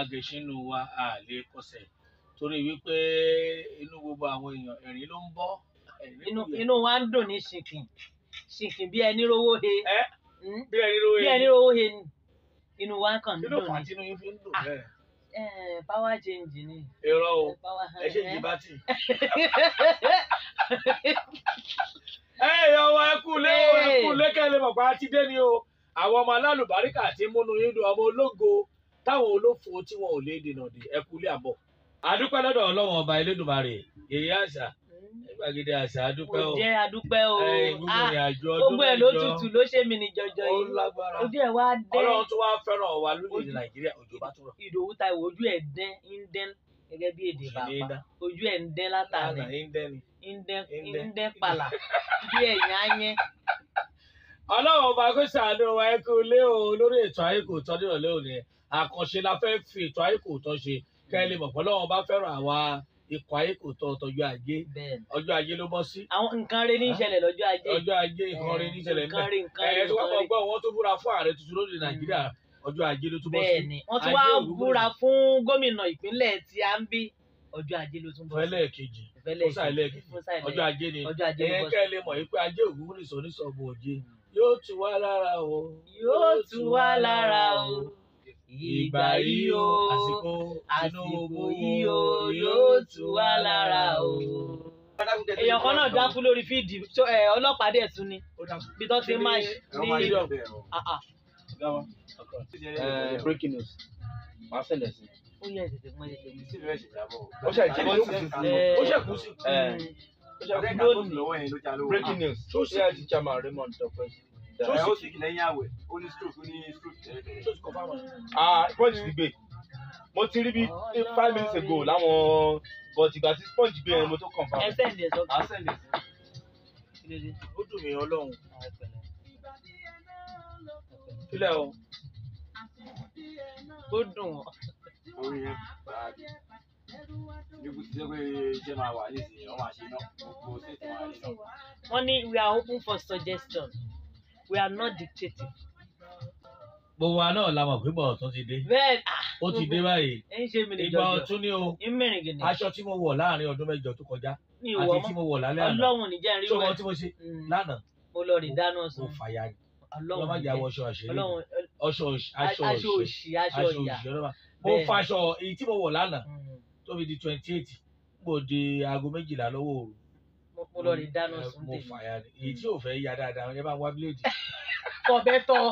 agẹṣinú wa a lè kọsẹ̀ torí wípé inú gbogbo àwọn èèyàn ẹ̀rín ló ń bọ́. inú wa ń dùn ní ṣìnkìn ṣìnkìn hmm? bí ẹni rówó he bí ẹni rówó he ni inú wa kàn ń dùn ní. kí ló fà á tínú yín fi ń dùn ah, bẹ́ẹ̀ power change ni. irọ́ o ẹ ṣe ń jìbá tì. ẹ yọ wa ẹ kú lé ẹ kú lé kẹ́lẹ́ mọ̀pá ti dé ni o àwọn ọmọ alálùbáríkà ti múnú yín dùn ọmọ ológo táwọn olófo tí wọn ò lè dènà dè ẹ kú ilé àbọ̀. àdúpẹ́ lọ́dọ̀ ọlọ́wọ̀n ọba elédùnmarè èyí àṣà gbàgede àṣà àdúpẹ́ o. òjẹ́ àdúpẹ́ o ah, gbogbo ẹ̀ ló tutù ló ṣe mí ní jọjọ yìí ojú ẹ̀ wá dẹ́. ọlọ́run tó wá fẹ́ràn wa lórílẹ̀‐èdè nàìjíríà òjò bá tó rọ̀. ìdòwú ta ìwò ojú ẹ̀ dẹ́n ń dẹ́n gẹ́gẹ́ bí èdè bàbá ojú ẹ̀ ń dẹ́n látàrí ń dẹ́n pàlà bí ẹ̀yìn á yẹn ọlọ́run ọba kó ṣàánú wa ẹ kú lé o lórí ètò ayé kò tọ́ nírọ̀lẹ́ òní ẹ̀ àkànṣe la fẹ́ fi ètò àìkò tán ṣe kẹ́ ẹ lè mọ̀ pé Ọlọ́run bá fẹ́ràn àwa ikọ̀ ayé kò tọ ọtọjọ́ ajé ọjọ́ ajé ló bọ́ sí. àwọn nǹkan rẹ ní ìṣẹ̀lẹ̀ lọ́jọ́ ajé. ọjọ́ ajé nǹkan rẹ ní ìṣẹ̀lẹ̀ mẹ ẹ tí wọ́n gbọ́ wọ́n tó búra fún ààrẹ tuntun lóde hmm. nàìjíríà ọjọ́ ajé ló tún bọ́ sí. bẹ́ẹ̀ni wọ́n tún wá búra fún gómìnà ìpínlẹ̀ tí a ń bí ọjọ́ ajé ló tún bọ́ sí. fẹlẹ kejì fúnṣà kejì ọjọ́ ajé ni ẹ kẹ́ lè mọ̀ pé ajé ògúnmùnìṣọ́ ní sọ̀bù ọ̀jẹ́ hmm. yóò tù wá lára o. yóò tù ìgbà yìí o àsìkò Tinubu yìí o yóò tù wá lára o. èèyàn kan náà dákú lórí fídì ọlọ́pàá dẹ̀ tún ni bí tó ti máa ní. Ah, ah. breaking news màá ṣẹlẹ̀ sí i ó yẹ tètè mọ tètè mọ. ó ṣe ìjẹ́ni ló kù sí fún ó ṣe kù sí fún un. lónìí breaking news social teacher ma Raymond Tọ́pẹ́ sí tó sì kì lẹ́yìn àwẹ̀ ó ní stroke ó ní stroke ah sponge ti gbé mo ti rí bí five minutes ago láwọn but ìgbà tí sponge gbé yẹn mo tó kàn fáwọn. ẹ sẹ́ndẹ̀ sọ. à ó dùn mí ọlọ́run. kílẹ̀ o ó dùn ọ. wọ́n ní we are open for suggestion we are not dictative. gbogbo wa náà la mọ̀ pé bọ̀ ọ̀tún ti dé. bẹ́ẹ̀ ah, ó ti dé báyìí ìgbà ọ̀tún ni o aṣọ tí mo wọ̀ láàrin ọdún mẹ́jọ tó kọjá àti tí mo wọ̀ lálẹ́ àná tó wọ́n tí mo ṣe mm. lánàá mo lọ rí dáná sùn. mo fàyà ni ọlọ́run má jà wọ aṣọ àṣírí aṣọ òṣì aṣọ òyà mo fa aṣọ èyí tí mo wọ̀ lánàá mm. tó fi di twenty eight mo di aago méjìlá lọ́wọ́ òru mo lọ rí dáná sùn tèmi. mo fàyà ni èyí tí ò fẹ́ ya dáadáa ẹ bá wá bíléèdì. kọ̀bẹ tọ̀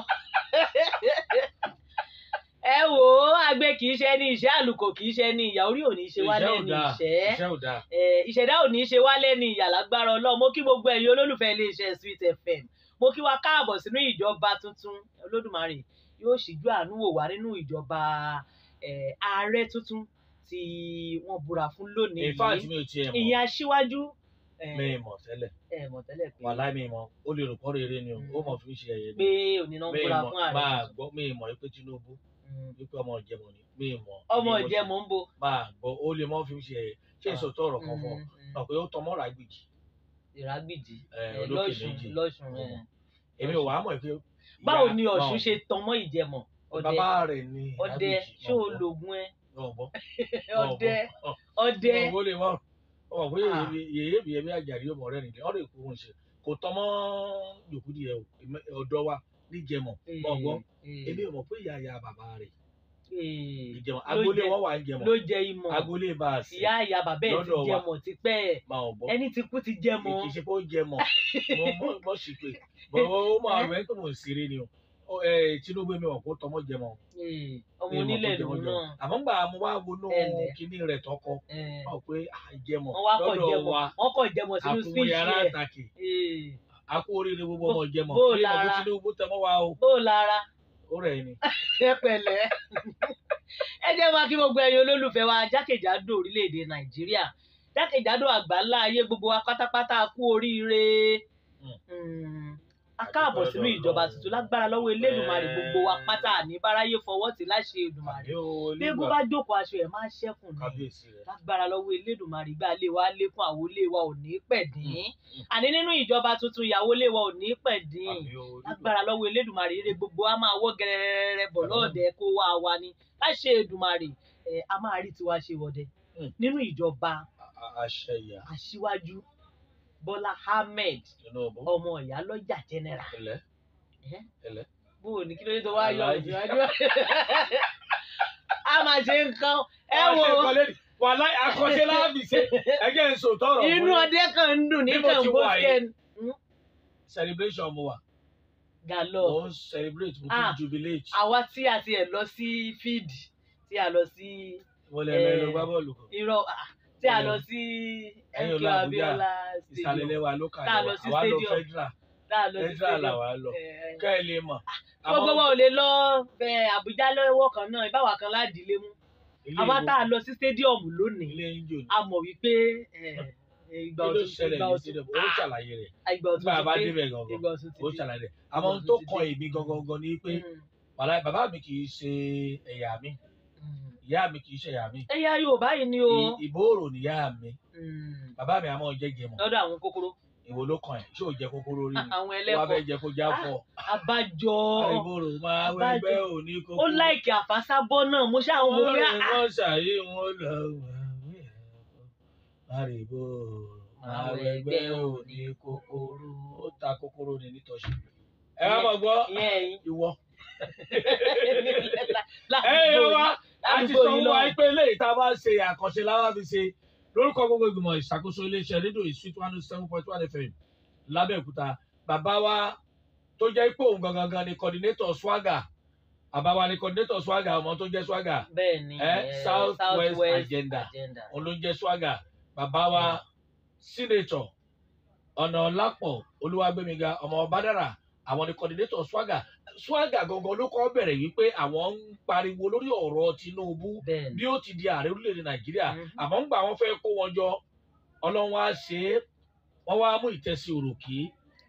ẹ wò agbe kì í ṣe ní iṣẹ́ àlùkò kì í ṣe ní ìyà orí ò ní ṣe wá lẹ́nu ìṣẹ́ ìṣẹ̀dá ò ní ṣe wá lẹ́nu ìyà lágbára Ọlọ́run mo kí gbogbo ẹ̀yin olólùfẹ́ iléeṣẹ́ Sweet FM mo kí wa káàbọ̀ sínú ìjọba tuntun Olódùmarè yóò ṣíjú àánú wò wá nínú ìjọba ààrẹ tuntun tí wọ́n búra fún lónìí yìí ìyẹn mi mọ̀ tẹ́lẹ̀ ẹ mọ̀ tẹ́lẹ̀ pé wàhálà mi mọ̀ ó lè rere ni o hmm. ó mọ̀ fi ń ṣe ẹ̀yẹ ni pé onínà ń bọ́ra fún ààrẹ máa gbọ́ mi mọ̀ pé Tinubu hmm. wípé ọmọ ìjẹmọ ni mi mọ̀ ọmọ ìjẹmọ ń bo máa gbọ́ ó lè mọ̀ fi ń ṣe ẹ̀yẹ ṣé èso tó ọ̀rọ̀ kan fọ ọ hmm, pé ó tọmọ ràgbìjì ràgbìjì lọ́sùn lọ́sùn èmi ò wá mọ̀ pé báwo ni Ọ̀ṣun ṣe tọmọ ìjẹmọ ọdẹ bàbá rẹ̀ ṣé o lògùn ẹ ọdẹ ọdẹ ọ pé yèyé bìí ẹbí àjàrí ọmọ rẹ nìyẹn ọ̀rọ̀ èkó ń ṣe kò tọmọ yòókù díẹ̀ ọ̀dọ̀ wa níjẹmọ ọgbọ hmm, hmm. èmi ò mọ̀ pé ìyá ìyá bàbá rẹ̀ ìjẹmọ hmm. agboolé wọn wà ń jẹmọ ló jẹ ìmọ̀ agboolé bá a sí ìyá ìyá bàbá ẹ ti jẹmọ ti pẹ́ ẹni ti kú ti jẹmọ. ìkìsí pé ó jẹmọ mo mọ sí pé bọ́ọ̀ máa rẹ̀ pé mo ń ni o. Eh, tinubu mi wọn kó tọmọ jẹmọ hmm, ọmọ onílẹ̀ ló náà àmọ́ ngbà mo wá tọkọ eh. ọ pé àjẹmọ ah, lọ́dọ̀ wa wọn kọ jẹmọ sínú speech yẹ eh. oríire gbogbo ọmọ jẹmọ tinubu tẹmọ wa o bó ó rẹ ni. ẹ ẹ máa kí gbogbo gbogbo wa pátápátá oríire. káàbọ̀ sínú ìjọba tuntun lágbára lọ́wọ́ elédùnmarè gbogbo wa pátá ní báráyé fọwọ́ tì láṣẹ èdùnmarè bẹ́ẹ̀gùn bá jókòó aṣọ ẹ̀ máa ṣẹ́kùn ní lágbára lọ́wọ́ elédùnmarè gbà lé wa lékún àwo lé wa ò ní pẹ̀ dín mm, mm. àní nínú ìjọba tuntun ìyàwó lé wa ò ní pẹ̀ dín lágbára lọ́wọ́ elédùnmarè eré gbogbo a máa wọ́ gẹ́rẹ́rẹ́rẹ́ bọ̀ lọ́ọ̀dẹ̀ kó wa ni láṣẹ èdùnmarè a máa Bọ́lá Ahmed ọmọ ìyálọ́jà general bó o ní kí ló dé tó wá yọ ọjọ́ a máa ṣe nǹkan ẹ wo wàhálà àkọsẹ láàbì ṣe ẹgẹ ń sọ tọrọ inú ọdẹ kan ń dùn ní kan bó ṣe ń. Hmm? celebration mo wà galọ mo ń celebrate mo fi ah. jubilate. àwa tí a ti ẹ̀ lọ sí fíìdì tí a lọ sí. wọlé ẹ lọ eh, gbá bọ́ọ̀lù kan. irọ́ ah tí a lọ sí MK Abiola stadium tá a lọ sí stadium federal làwa lọ ká ẹ lè mọ. gbogbo wa ò lè lọ Àbújá lọ́wọ́ kan náà ìbáwá kan ládìílé mú àwa tá a lọ sí stadium lónìí a mọ̀ wípé ìgbà ọ̀tún ìgbà ọ̀tún ó ah! ah, ṣàlàyé rẹ̀ ìgbà ọ̀tún bàbá débẹ̀ gangan ó ṣàlàyé rẹ̀ àmọ́ ohun tó kọ èmi gangan ni pé hmm. bàbá mi kì í ṣe ẹ̀yà mi ìyá mi kì í ṣe ìyá mi. ẹ̀yà Yorùbá yìí ni o. ìbòòrò nìyá mi. Hmm. bàbá mi àmọ́ jẹ́jẹ́ mọ̀. lọ́dọ̀ àwọn kókóró. ìwọ ló kàn ẹ̀ ṣé ò jẹ kókóró rí ni. àwọn ẹlẹ́kọ̀ọ́ wàá fẹ́ jẹ kó já fọ. àbájọ ah, ah, ìbòòrò máa wẹgbẹ́ òní kókóró. ó láìkì àfàsábọ́ náà mo ṣáà ń wo pé. Ah, wọ́n ṣàyí wọn lọ àrìbò máa wẹgbẹ́ òní kókóró. ó ta kókóró ni nítọ́sí. ẹ wá mọ̀ gbọ́ ìwọ. ẹ̀yin wa láti sọ wọn wáyé pé eléyìí tá a bá ṣe àkànṣe láwa fi ṣe lórúkọ gbogbo ìgbìmọ̀ ìṣàkóso iléeṣẹ́ rédíò Sweet one oh seven point one FM lábẹ́òkúta bàbá wa tó jẹ́ ipò òun gangan gan ni coordinator swaga bàbá wa ni coordinator swaga ọmọ tó jẹ́ swaga bẹ́ẹ̀ni ẹ south west agenda òun ló ń jẹ́ swaga bàbá wa senator ọ̀nà lápọ̀ olúwàgbẹ̀míga ọmọ ọ̀bádàrà àwọn ni coordinator swaga swaga gangan ló kọ́ bẹ̀rẹ̀ wípé àwọn ń pariwo lórí ọ̀rọ̀ Tinubu bí ó ti di ààrẹ orílẹ̀-èdè Nàìjíríà mhm. àmọ́ ń gbà wọ́n fẹ́ kó wọn jọ Ọlọ́run á ṣe é wọ́n wá mú ìtẹ̀sí òròkè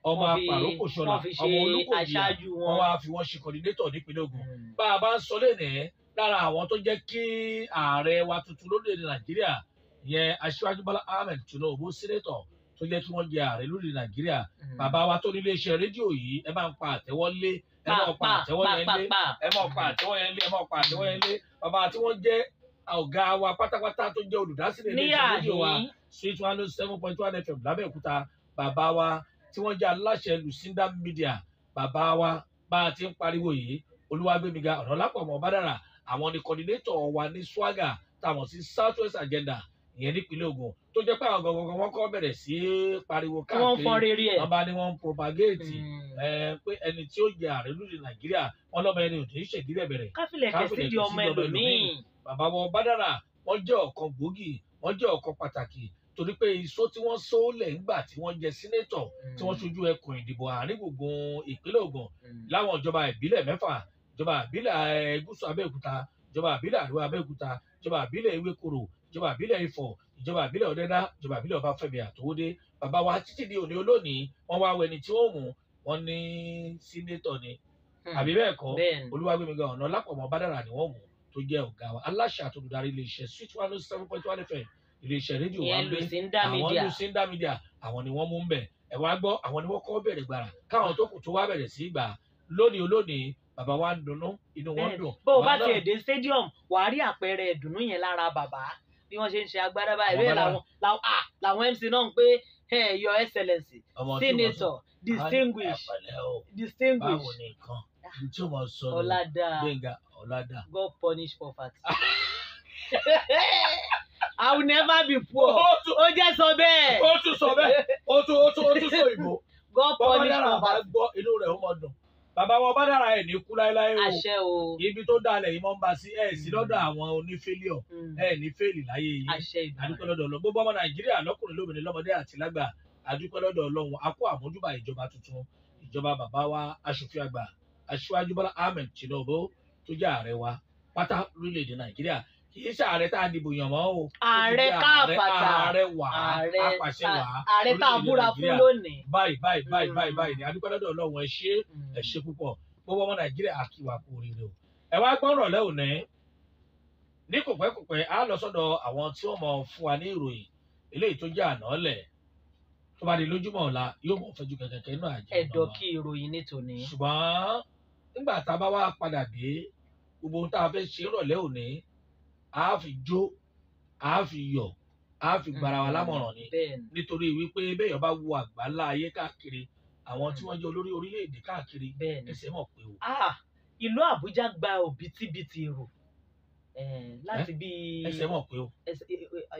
ọmọ àpàrókò ṣọlá ọmọ olóko ìyá wọ́n wá fi wọ́n ṣe kọ́ndínétọ̀ nípínlẹ̀ Ògùn hmm. bá a bá ń sọ lẹ́nẹ̀ẹ́ lára àwọn tó jẹ́ kí ààrẹ wa tuntun lórílẹ̀-èdè Nàìjíríà yẹn aṣíwájú Bọ́lá Ahmed Tinubu sínétọ̀ tó jẹ́ kí wọ́n jẹ ààrẹ lórí Nàìjíríà hmm. bàbá wa tó nílé rédíò yìí ẹ bá ń pa àtẹ́wọ́lé ẹ máa pa àtẹ́wọ́ yẹn lé ẹ máa pa àtẹ́wọ́ yẹn lé ẹ máa pa àtẹ́wọ́ yẹn lé bàbá tí wọ́n jẹ́ ọ̀gá wa pátápátá tó jẹ́ olùdásílẹ̀ ilé iṣẹ́ rédíò wa sweet one oh seven point one fm lábẹ́òkúta bàbá wa tí wọ́n jẹ́ aláṣẹ lucinda media bàbá wa bá a ti ń pariwo yìí olúwàgbémiga ọ̀nà lápọ̀ mọ́ bá àwọn ni coordinator wa ní swaga táwọn sí southwest agenda ìyẹn nípínlẹ̀ Ògùn tó jẹ́ pé àwọn gangan wọn kọ́ bẹ̀rẹ̀ sí pariwo káàkiri wọn bá ní wọn propagate hmm. pé ẹni tí ó jẹ ààrẹ lóde Nàìjíríà wọn lọ́mọ ẹni òtún ìṣègírí ẹ̀bẹ̀rẹ̀ káfílẹ̀ kẹsì di ọmọ ẹlòmíì bàbá wọn Bádàrà wọn jẹ́ ọ̀kan gbòógì wọn jẹ́ ọ̀kan pàtàkì torí pé iṣó tí wọ́n só lẹ̀ ńgbà tí wọ́n jẹ sínétọ̀ tí wọ́n hmm. ṣojú ẹkùn ìdìbò àárín gbùngbùn ìpínlẹ̀ Ògùn hmm. láwọn ìjọba ìbílẹ̀ mẹ́fà ìjọba ìbílẹ̀ gúúsù Abẹ́òkúta ìjọba ìbílẹ̀ àríwá Abẹ́òkúta ìjọba ìbílẹ̀ Ewékòró ìjọba ìbílẹ̀ ifọ̀ ìjọba ìbílẹ̀ ọ̀dẹ́dá ìjọba ìbílẹ̀ ọbáfẹ́mi àtòwódé bàbá wa títí di òní olónìí wọ́n wá wẹni tí ó mú wọn ní sínétọ̀ ni hmm. àbí bẹ́ẹ̀ kọ́ olúwàgbẹ̀míga ọ̀nà lápọ̀mọ́ bádàrà ni wọ́n mú tó jẹ́ ọ̀gá wa aláṣà tó dùdarí iléeṣẹ́ sweet one oh seven point one fm iléeṣẹ́ rédíò wa ń bẹ àwọn lucinda media àwọn ni wọ́n mú ń bẹ̀ ẹ̀ wá gbọ́ àwọn ni wọ́n kọ́ bẹ̀rẹ̀ gbàrà káwọn tó kù tó wá bẹ̀rẹ̀ sí gbà lónìí olónìí bàbá wa ń dunnú inú wọn dùn. bó o bá tiẹ̀ dé stadium wàá rí àpẹẹrẹ ìdùnnú yẹn lára bàbá bí wọ́n ṣe ń ṣe agbára báyìí bẹ́ẹ̀ làwọn ah, mc náà ń pé your excellency senator distinguished distinguished ọ̀làdà ọ̀làdà god punish poverty. I will never be poor. Ó jẹ́ sọ bẹ́ẹ̀. Ó tún sọ bẹ́ẹ̀. Ó tún ó tún ó tún God punish poverty. Bọ́lá dára bá gbọ́ inú rẹ̀ ó mọ̀ dùn bàbá wa ọba dára ẹ̀ ní kú láéláé o àṣẹ o ibi tó dalẹ̀ yìí mọ́ ń ba sí ẹ̀ sí mm. lọ́dọ̀ àwọn onífẹ́líọ̀ mm. ẹ̀ ní fẹ́ẹ̀lì láyé yìí àdúpẹ́ lọ́dọ̀ ọlọ́ gbogbo ọmọ nàìjíríà lọ́kùnrin lóbìnrin lọ́mọdé àti lágbà àdúpẹ́ lọ́dọ̀ ọlọ́run a kó àmójúbà ìjọba tuntun ìjọba bàbá wa aṣòfin àgbà aṣíwájú bọ́lá ahmed tinubu tó jẹ́ ààrẹ wa pátá lórílẹ̀ nàìjíríà kì í ṣàárẹ tá a dìbò yàn mọ́ o. ààrẹ káàbàtà ààrẹ wà á apàṣẹ wà á ààrẹ tá a búra fún lónìí. báyìí báyìí báyìí mm. báyìí báyìí ni adúpẹ́ lọ́dọ̀ ọlọ́run ẹ ṣé ẹ ṣé mm. púpọ̀ gbogbo ọmọ nàìjíríà àkíwà kú oríire o. ẹ wá gbọ́rọ̀ lẹ́ òní ní kòpẹ́kòpẹ́ á lọ sọ́dọ̀ àwọn tí wọ́n mọ̀ fún wa ní ìròyìn eléyìí tó jẹ́ àná lẹ̀ tó bá di lójúmọ́ ọ̀la yóò mọ̀ fẹ́jú kẹ̀kẹ́ náà àjẹ́ ẹ̀dọ̀ kí ìròyìn ní tòní. ṣùgbọ́n nígbà tá a bá wá padà dé gbogbo ohun tá a fẹ́ ṣe rọ̀lẹ́ òní a fi jó a fi yọ̀ a fi gbara wa mm-hmm. lámọ̀ràn ni nítorí wípé bẹ́ẹ̀ yọba wo àgbáńlá ayé káàkiri àwọn tí mm. wọ́n jẹ́ olórí orílẹ̀ káàkiri ẹsẹ̀ mọ̀ pé o. Ah, ìlú Àbújá gba òbítíbitì rò láti bí ẹsẹ̀ mọ̀ pé o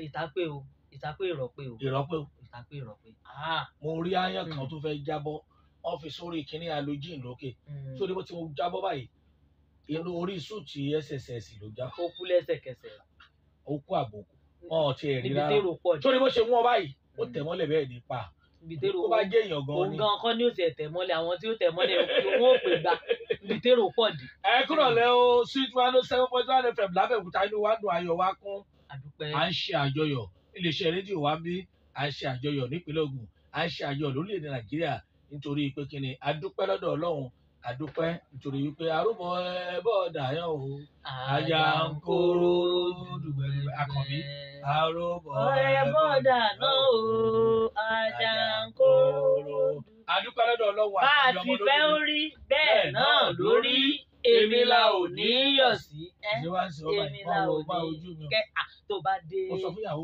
ìtàpé o ìtàpé ìrọ̀pé o ìrọ̀pé o ìtàpé ìrọ̀pé. Ah. mo rí aáyán kan mm. tó fẹ́ jábọ́ wọ́n fi sórí kínní alójìn lókè mm. sórí bó ti mo jábọ́ báyìí inú orí súùtì sss ló já. ó kú lẹ́sẹ̀kẹsẹ̀. ó kú àbòkù wọn ò tiẹ̀ rí rárá sórí bó ṣe mú ọ báyìí ó mm. tẹ̀ mọ́lẹ̀ bẹ́ẹ̀ ní pa bìtẹ́rù ó gan kọ́ ní òsì ẹ̀tẹ̀mọ́lẹ̀ àwọn tí ó tẹ̀mọ́lẹ̀ wọn ò pè gbà bìtẹ́rù pọ̀ dì. ẹ kúrò lẹ o sweet one oh seven point one fm lábẹ́òkúta inú wa dùn ayọ̀ wa kún à ń ṣe àjọyọ̀ iléeṣẹ́ rédíò wa bí à ń ṣe àjọyọ̀ nípínlẹ̀ Ògùn à ń ṣe àjọyọ̀ lórílẹ̀‐èdè Nàìjíríà nítorí pé kí ni a dúpẹ́ lọ́dọ̀ Ọlọ́run àdúpẹ́ nítorí wípé arúgbó ẹbọ dàyọ̀ o àyà ń kóró dùgbẹ̀dùgbẹ̀ àkànbí arúgbó ẹbọ dàná o àyà ń kóró. àdúpẹ́ lọ́dọ̀ ọlọ́wọ́ àti ọmọ lórí. bá a ti fẹ́ orí bẹ́ẹ̀ náà lórí èmi la ò ní yọ̀ sí èmi la ò ní oh kẹ́ à tó bá dé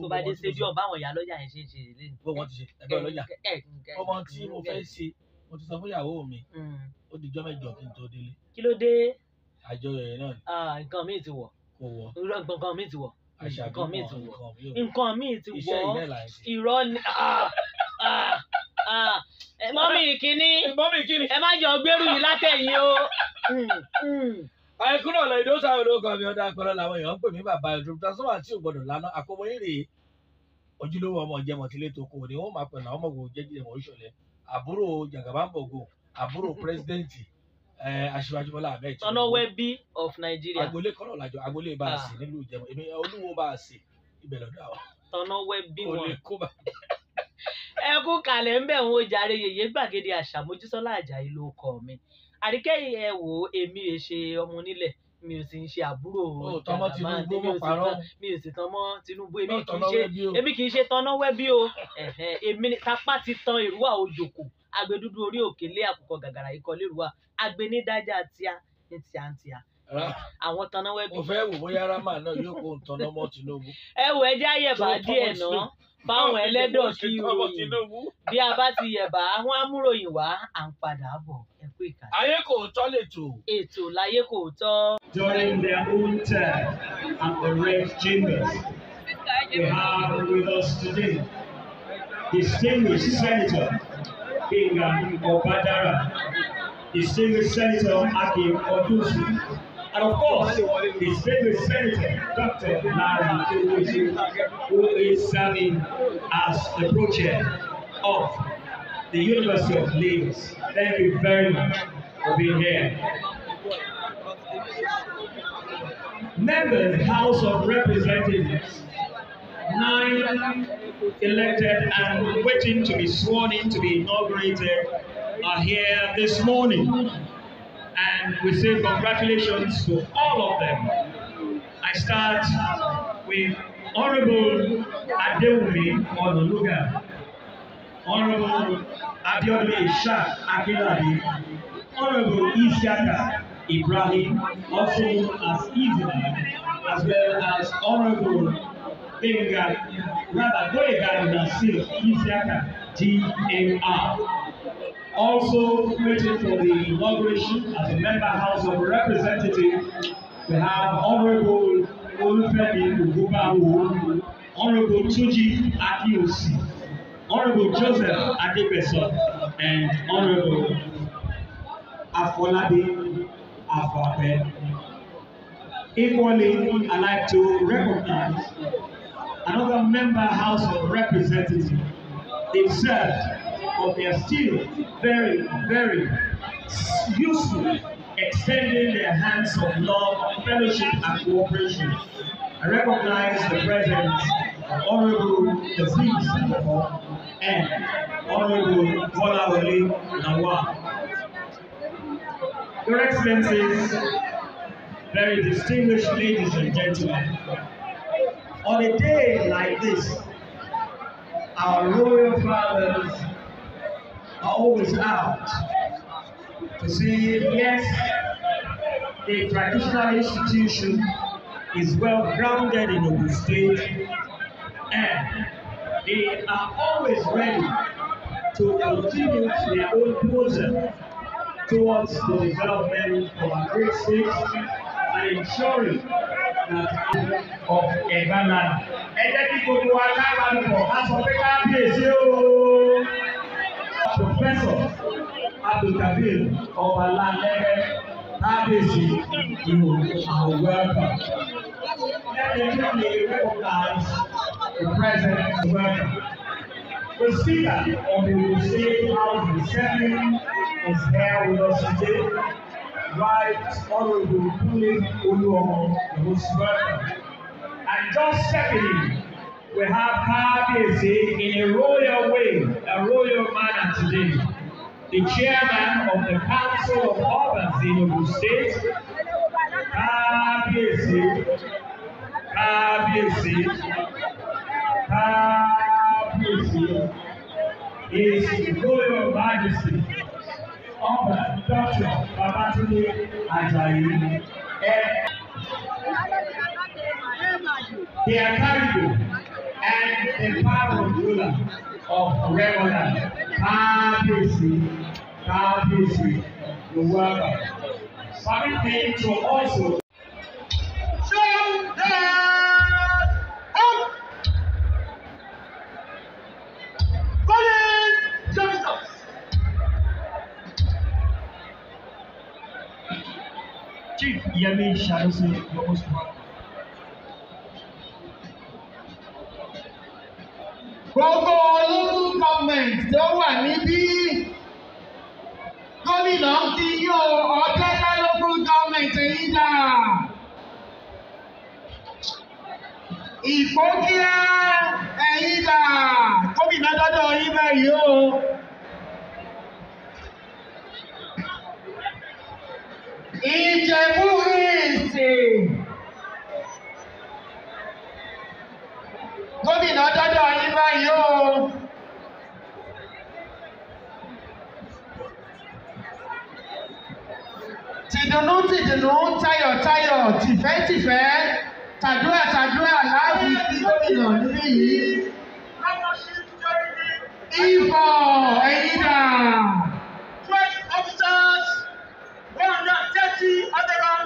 tó bá dé stadium báwọn ìyá lọ́jà yẹn ṣe ń ṣe lẹ́nu. bó wọn ti ṣe ẹgbẹ́ ọlọ́jà ọmọ tí mo fẹ́ ṣe mo ti sọ fún ìyàwó mi hmm. ó dijọ́ mẹ́jọ kí n tó délé. kí ló dé. àjọyọ̀ yẹn náà ni. Ah, nǹkan míì ti wọ̀. kò wọ̀. nǹkan míì ti wọ̀. nǹkan míì ti wọ̀. nǹkan míì ti wọ̀. irọ́ ni ah, ah, mọ́mí kínní ẹ má jọ gbẹ́rù yìí látẹ̀yìn o. àìkú hmm, hmm. náà lọ ìdó sáré olóògùn àmì ọ̀dà àpẹẹrẹ làwọn èèyàn ń pè mí bàbá ìdúró transformer tí ò gbọdọ̀ lánàá àkọ́mọ yìí rèé ojúlówó ọmọ jẹmọ tilé tó kù ni wọn máa pẹ̀lú àwọn ọmọ wò jẹjẹrẹ wọn ṣọlẹ àbúrò jagabanbo ogun àbúrò pírẹsidẹ́ǹtì eh, aṣíwájú bọ́lá ahmed tinubu tọ́lọ́wẹ́bí of nigeria agboolé kọ́rọ̀ làjọ agboolé bá a ah. sì nílùú ìjẹun èmi olúwo bá a sì ibẹ̀ lọ́dọ̀ àwọn. tọ́lọ́wẹ́bí wọn olè kóbá. ẹ kú kalẹ̀ ń bẹ̀ ń wo jàre yèyé gbàgede àṣà mojísọ́lá àjàyí ló kọ́ mi àríkẹ́ ẹ wò èmi èṣe ọmọ onílẹ̀ mi ò sì ń ṣe àbúrò ìjàmbá mi ò sì tán mọ́ Tinubu èmi kì í ṣe èmi kì í ṣe tanná wẹ́bí o èmi tapá ti tan ìrúwà òjòkó agbẹdúdú orí òkè lé àkùkọ gàgàrà ikọ lérúwà agbẹnidájà tíá ní tíátíá àwọn tanná wẹ́bí. mo fẹ́ wò bóyá rámà náà yóò kó ntaná mọ́ Tinubu. ẹ wò ẹ jẹ́ àyẹ̀bá díẹ̀ náà báwọn ẹlẹ́dọ̀ kí ròyìn bí a bá ti yẹ̀bà wọn á mú ròyìn wá à ń padà bọ̀ ẹ ìkàlẹ̀. ayé kò tọ́ lètò. ètò láyé kò tọ́. during their own term at the red chambers. We have with us today distinguished Senator Bingham Obadara, distinguished Senator Akim Odusu, and of course, distinguished Senator Dr. Nara who is serving as the pro-chair of the University of Leeds. Thank you very much for being here. members, House of Representatives, nine elected and waiting to be sworn in to be inaugurated are here this morning. And we say congratulations to all of them. I start with Honorable Adewumi Onoluga, Honorable Abiodun Ishak Akilabi, Honorable Isiaka Ibrahim, also known as Izma, as well as Honorable Benga, rather Boyega Nasir Isiaka, DMR. Also waiting for the inauguration as a member House of Representatives, we have Honorable Olufemi Ugubahu, Honorable Tuji Akiosi, Honorable Joseph Adepeso, and Honorable Afolabi. Afafe. Equally, I'd like to recognize another member House of Representatives but they are still very, very useful extending their hands of love, fellowship, and cooperation. I recognize the presence of Honorable Aziz and Honorable Bola Wale Nawab. Your Excellencies, very distinguished ladies and gentlemen, on a day like this, our royal fathers are always out to say, yes, the traditional institution is well grounded in the State and they are always ready to contribute their own proposal towards the development of our great state and ensuring that of urban land. Ẹ jẹ́ kí gbogbo wa lábàlùpọ̀ a sọ pé kábíyèsí ooo. Professor Abdulkabir Ọbalálẹ́rẹ́ kábíyèsí you are welcome. Let me quickly the president welcome. The speaker of the State House is serving is here with us today, Right Honorable Kule Oluomo Osuwaka. And just secondly, we have Kabiyesi in a royal way, a royal manner today. The chairman of the Council of Urbans in Ogun State, Kabiyesi, Kabiyesi, Kabiyesi, His Royal Majesty ọ̀bà dọ́kítọ̀ Babátúndé Àjàyí ẹ̀. the are and the power ruler of Rẹ́mọ̀nà Kábíyèsí Kábíyèsí Yorùbá. Permit me to also. jamii sharusi viongozi wao. Gbogbo olórí gọọmenti tó wà níbí gómìnà ti yọ ọ̀dẹ́dẹ́lógún gọọmenti yìí dà. Ìkókíá ẹ̀yìn dà gómìnà dọ́dọ̀ yín bẹ́ẹ̀ yìí o. Ìjẹ̀bú Ìsì. Gómìnà dọ́dọ̀ yín báyìí o. Tìdùnnú tìdùnnú tayọ̀tayọ̀ tìfẹ́tìfẹ́ tàdúrà tàdúrà láàbù sí gómìnà níbí yìí. Ìbọ̀ ẹ̀yìn dà. officers, one hundred. church adịghị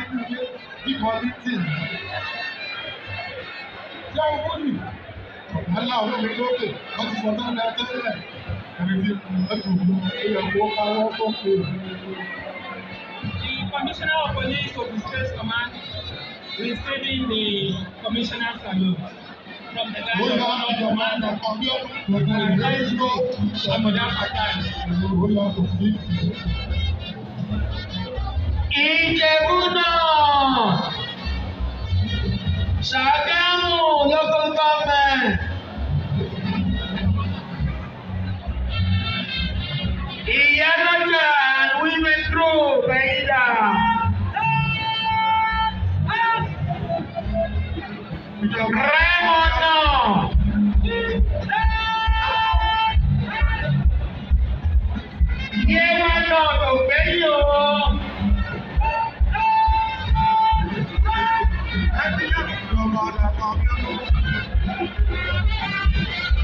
Adekunle Ikọ̀lítìn. Ṣé owó nì? Ọ̀pọ̀lá olómi lókè, wọ́n ti sọ tẹ́lẹ̀ tẹ́lẹ̀. Ẹni tí wọ́n ti mú ẹyọ owó káwọ́ tó kù. The Commissioner of Police of the State Command receiving the Commissioner salute. From the guy of command the Commander, Commander Ibo, Amodan Fatai. y uno ¡Sacamos! ¡No conformes! Y ya no ya, venida. ¡Remoto! ¡Llévalo,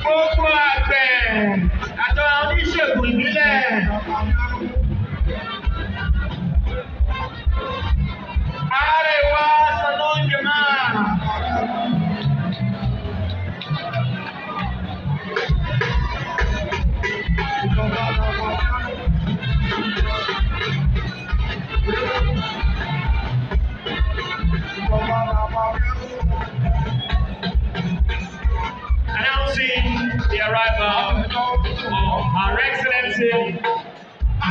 Gbogbo àgbẹ̀ àtàwọn oníṣègùn ìbílẹ̀. President,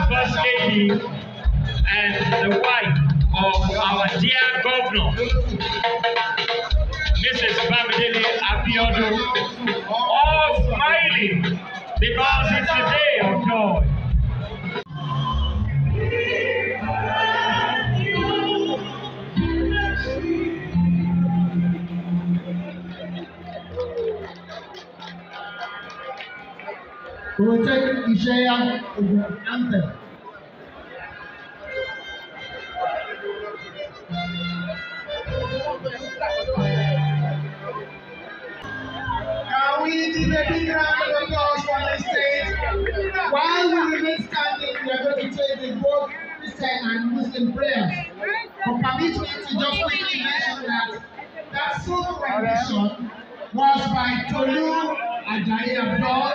First Lady, and the wife of our dear governor, Mrs. Bamidele Abiodun, all smiling because it's a day of joy. take Isaiah is an anthem. Can we did a big round of applause for the stage? While we remain standing, we are going to take the both Christian and Muslim prayers. But permit me to just quickly mention that that solo rendition was by Tolu Ajayi Abdul.